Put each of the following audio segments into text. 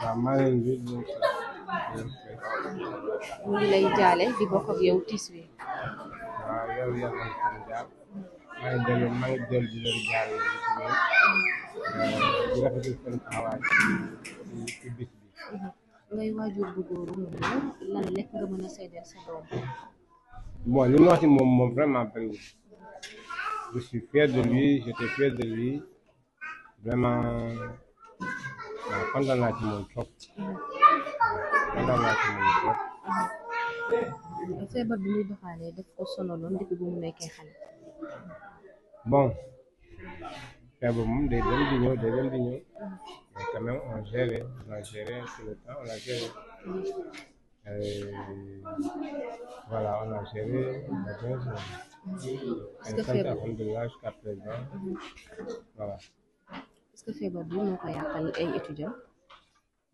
waaw maa leen di ñu jaale di bokk ak tiis wi. waaw yow yaa ngi koy jaal dellu maa ngi dellu di leen jaal di rafetlu ci bis bi. ngay waajur bu góor lekk nga mën a seedeel sa doom. bon moom moom vraiment bëriwul je suis fier de lui j'étais fier de vraiment waaw kontaan naa ci moom trop kontaan naa ci moom trop. feebar bi muy doxalee daf ko sonaloon depuis bu mu nekkee xale. bon feebar moom day dem di ñëw day dem di ñëw mais quand on géré on a tout le temps on a géré. Et euh, voilà, on a géré la chose. Un centre à jusqu'à présent. Mm-hmm. Voilà. que feebar bi moo ko yàqal ay étudiants.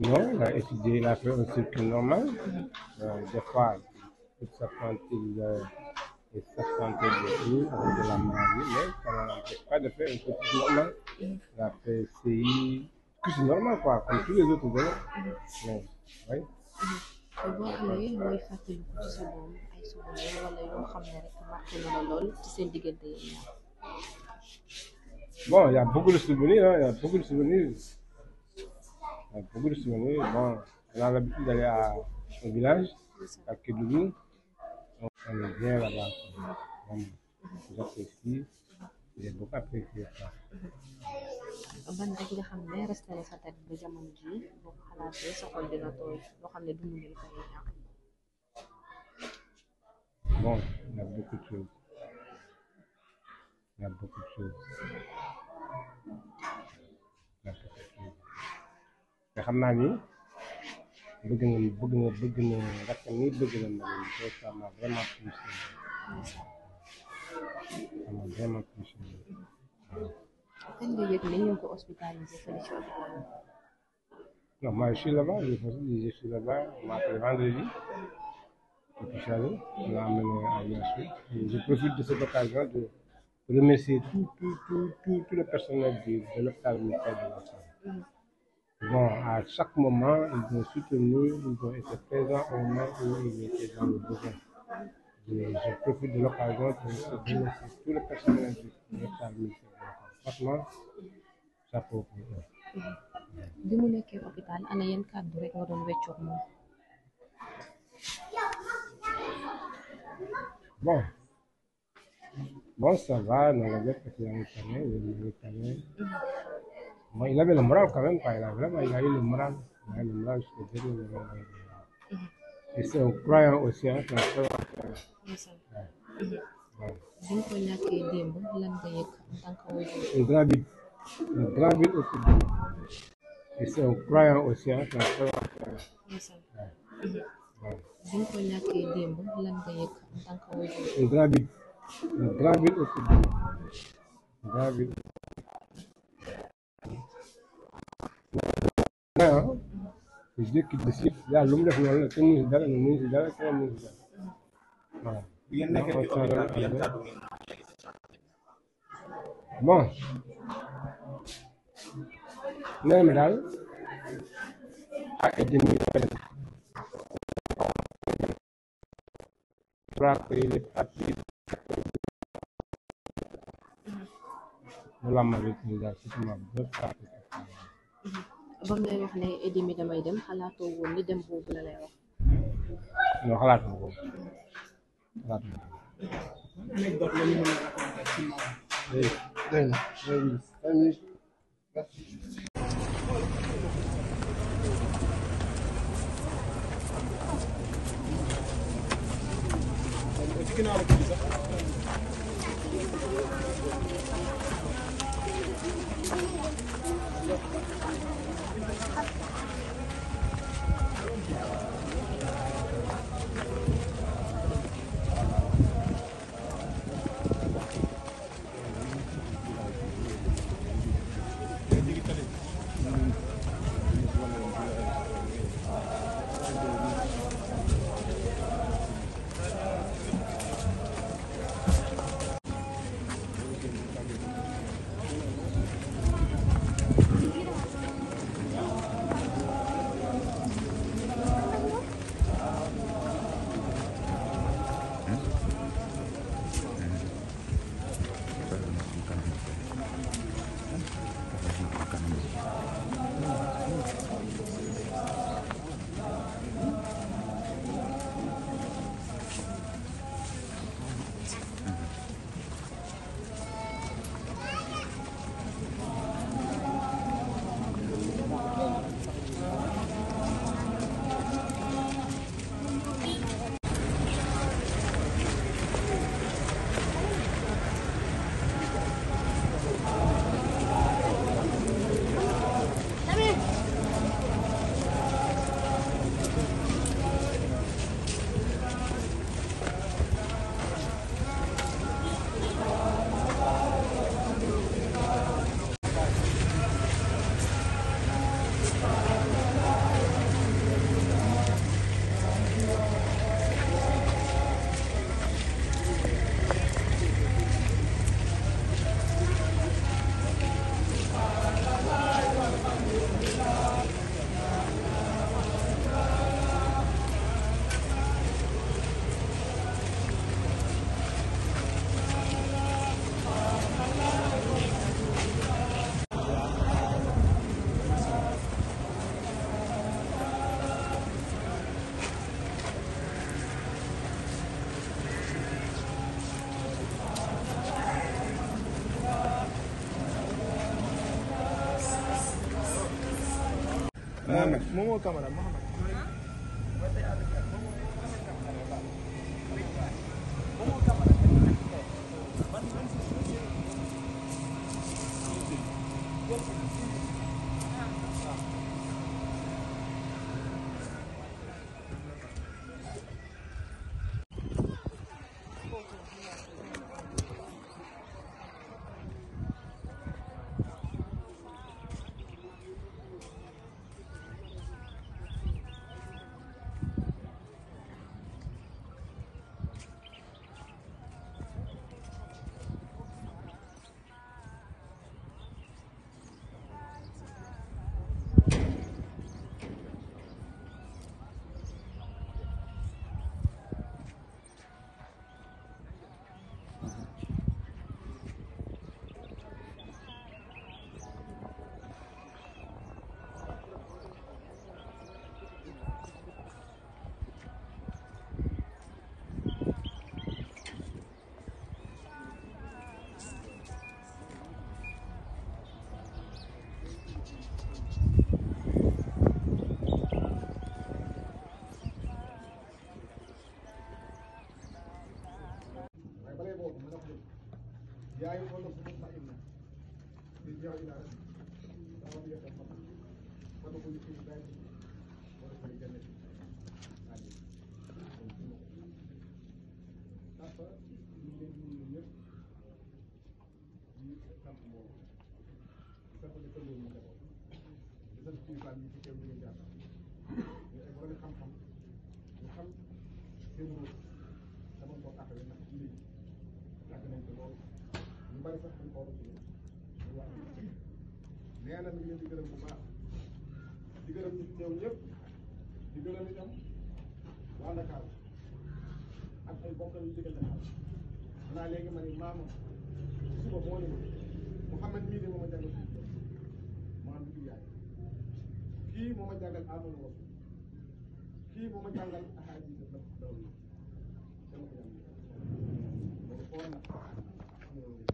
non il a étudié il a fait un cycle normal mm-hmm. euh, des fois il s'absente il s'absente des cours avec de la maladie mais ça ne l'empêche pas de faire un cycle normal mm-hmm. il a fait CI c'est normal quoi comme tous les autres élèves mm-hmm. mais oui. boo amee mooy fàttali ko ci sa doom ay soxla wala yoo xam ne rek marqué na la lool ci seen diggante yi Bon, y a beaucoup de y a beaucoup de y a beaucoup de Bon, on a l'habitude d'aller au village, à Kédougou. On est bien là-bas. J'apprécie. J'ai beaucoup apprécié ça. ban rek nga xam sa tête Bon, y a beaucoup de y a beaucoup de te xam naa ni bëgg na bëgg na bëgg na rakk ni bëgg na ma leen te ça m'a vraiment plu ça m'a vraiment plu kan nga yëg ne ñu ko hospitalisé fële ci hôpital non moi je suis là-bas je suis je suis là-bas on m'a appelé vendredi hôpital on l'a amené à Yassou je profite de cette occasion de remercier tout, tout, tout, tout, le personnel de, de l'hôpital militaire de l'ensemble. Bon, à chaque moment, ils ont soutenu, ils ont été présents au moment où ils étaient dans le besoin. Et je profite de l'occasion pour remercier tout le personnel de l'hôpital militaire de l'ensemble. Franchement, chapeau pour eux. bi mu nekkee hôpital ana yenn kàddu rek nga Bon, ça va, dans la guerre, parce qu'il a entamé, il a entamé. Bon, il avait le moral quand même, quoi. Il a vraiment, il a eu le moral. Il a eu le moral jusqu'au dernier moment. Et c'est un croyant aussi, hein, c'est un croyant. Oui, Une grande vie. Une grande vie aussi. Et c'est un croyant aussi, hein, c'est un croyant. Oui, Une grande vie. Drabil o tudd Drabil jékki bés yëpp daal lu mu def noonu la kenn mënu si dara mënu si dara kenn mënu si dara waaw bon nee na daal ak jënd yi salaamaaleykum daal ci sama bépp ba mu lay wax ne Eddy mi damay dem xalaatoo woon ni dem boobu la lay wax. non xalaatuma ko xalaatuma ko. anecdote la ñu mën a raconter ci moom. ginnaaw bi sax Mohamed Momo Camara Mohamed يا أيها النفس المطمئنة ارجعوا إلى ربك رضيت الخبر وادخلوا في عبادي وادخلوا جنتي آمين dafa ñu leen di nuyu ñëpp di sant mbooloo di sant li ko loolu mu defoon di sant kilifa yi ci teew ñu leen jàpp ñu ay borom xam-xam ñu xam seen bari sax dañ koo ci nee na mi ngi leen di gërëm bu baax di gërëm ñi teew ñëpp di gërëm itam waa Dakar ak ay bokkam yu jóge Dakar xanaa léegi ma ne maamam suba moo ne Mouhamed mii de moo ma jàngal ma am jur yaay kii moo ma jàngal amal woon kii moo ma jàngal ahaaji da daw dama ko jàngal